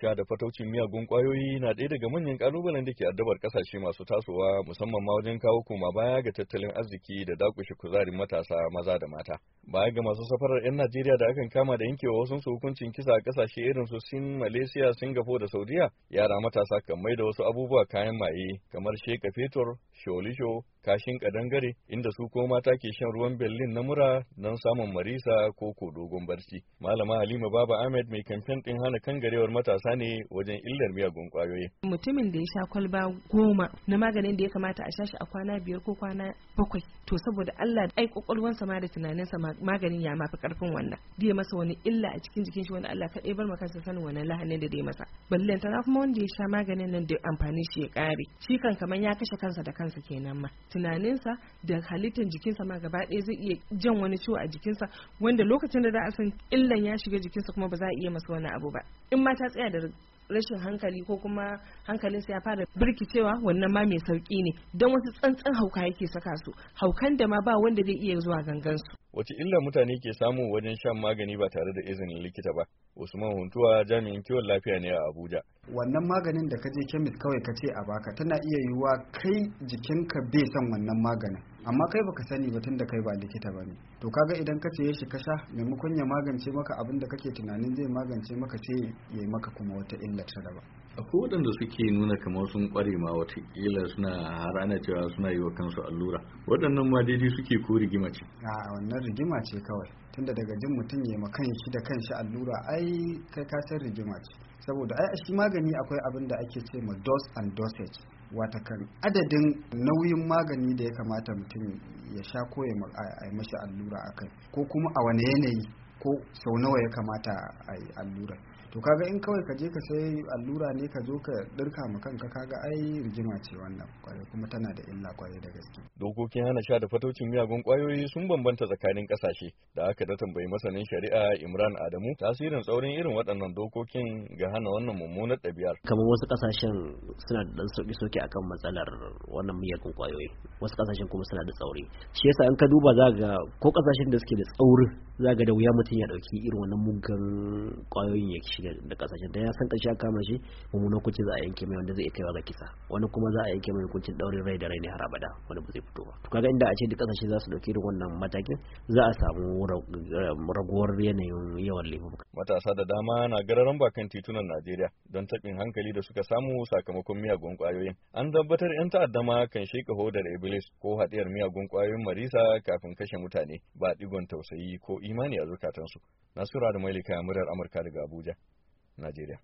Sha da fataucin miyagun kwayoyi na ɗaya daga manyan kalubalen da ke addabar kasashe masu tasowa musamman ma wajen kawo koma baya ga tattalin arziki da dakushe kuzarin matasa maza da mata. Baya ga masu safarar 'yan Najeriya da akan kama da yankewa wasu su hukuncin kisa a kasashe irin su Sin, Malaysia, Singapore da Saudiya, yara matasa kan mai da wasu abubuwa kayan maye kamar sheka fetur, sholisho, kashin kadangare inda su ko mata ke shan ruwan berlin na mura don samun marisa ko ko dogon barci malama halima baba ahmed mai kamfen din hana kangarewar matasa ne wajen illar miyagun kwayoyi mutumin da ya sha kwalba goma na maganin da ya kamata a shashi a kwana biyar ko kwana bakwai to saboda allah ai kwakwalwansa ma da tunaninsa maganin ya mafi karfin wannan da masa wani illa a cikin jikin shi wani allah kaɗai bar makansa sanin wani lahanin da dai masa balle tana kuma wanda ya sha maganin nan da amfani shi ya kare shi kan kamar ya kashe kansa da kansa kenan ma tunaninsa da halittar jikinsa ma gaba ɗaya zai iya jan wani ciwo a jikinsa wanda lokacin da za a san illan ya shiga jikinsa kuma ba za a iya masa wani abu ba in ma ta tsaya da rashin hankali ko kuma hankalin hankalinsa ya fara birkicewa wannan ma mai sauki ne don wasu tsantsan hauka yake saka su haukan da ma ba wanda zai iya zuwa gangan su. wace illa mutane ke samu wajen shan magani ba tare da izinin likita ba usman huntuwa jami'in kiwon lafiya ne a abuja wannan maganin da ka je kemis kawai ka ce a baka tana iya yiwuwa kai jikinka bai son wannan maganin amma kai baka sani ba tunda kai ba likita bane to kaga idan ka ce shi ka sha maimakon ya magance maka abin da kake tunanin zai magance maka ce ya maka kuma wata illa ta daba akwai waɗanda suke nuna kamar sun ƙware ma watakila suna harana cewa suna yi wa kansu allura waɗannan ma daidai suke ko rigima ce a wannan rigima ce kawai tunda daga jin mutum ya ma kanshi da kanshi allura ai kai ka san rigima ce saboda a eh, shi magani akwai abin da ake ce ma dose and dosage watakan adadin nauyin magani da ya kamata mutum ya sha ko ya mashi allura a kai, ko kuma a wane yanayi ko sau nawa ya kamata a yi allura to kaga in kawai ka je ka sai allura ne ka zo ka dirka ma kanka kaga ai rigima ce wannan kwarai kuma tana da illa kwarai da gaske dokokin hana sha da fatocin miyagun kwayoyi sun bambanta tsakanin kasashe da aka da tambayi masanin shari'a Imran Adamu tasirin tsaurin irin waɗannan dokokin ga hana wannan mummunar ɗabi'ar kamar wasu kasashen suna da dan sauki a akan matsalar wannan miyagun kwayoyi wasu kasashen kuma suna da tsauri shi yasa in ka duba za ga ko kasashen da suke da tsauri za ga da wuya mutum mutum ya dauki irin wannan muggan kwayoyin ya shiga da kasashe da ya san karshe kama shi mummuna kucin za a yanke mai wanda zai iya kaiwa ga kisa wani kuma za a yanke mai hukuncin daurin rai da rai ne har abada wani ba zai fito ba to kaga inda a ce duk kasashe za su dauki irin wannan matakin za a samu raguwar yanayin yawan laifuka matasa da dama na gararan bakan titunan Najeriya don tabin hankali da suka samu sakamakon miyagun kwayoyin an tabbatar yan ta'adda ma kan sheka hodar iblis ko haɗiyar miyagun kwayoyin marisa kafin kashe mutane ba digon tausayi ko imani a zukatan makamantansu. Nasiru da Mailika muryar Amurka daga Abuja, Najeriya.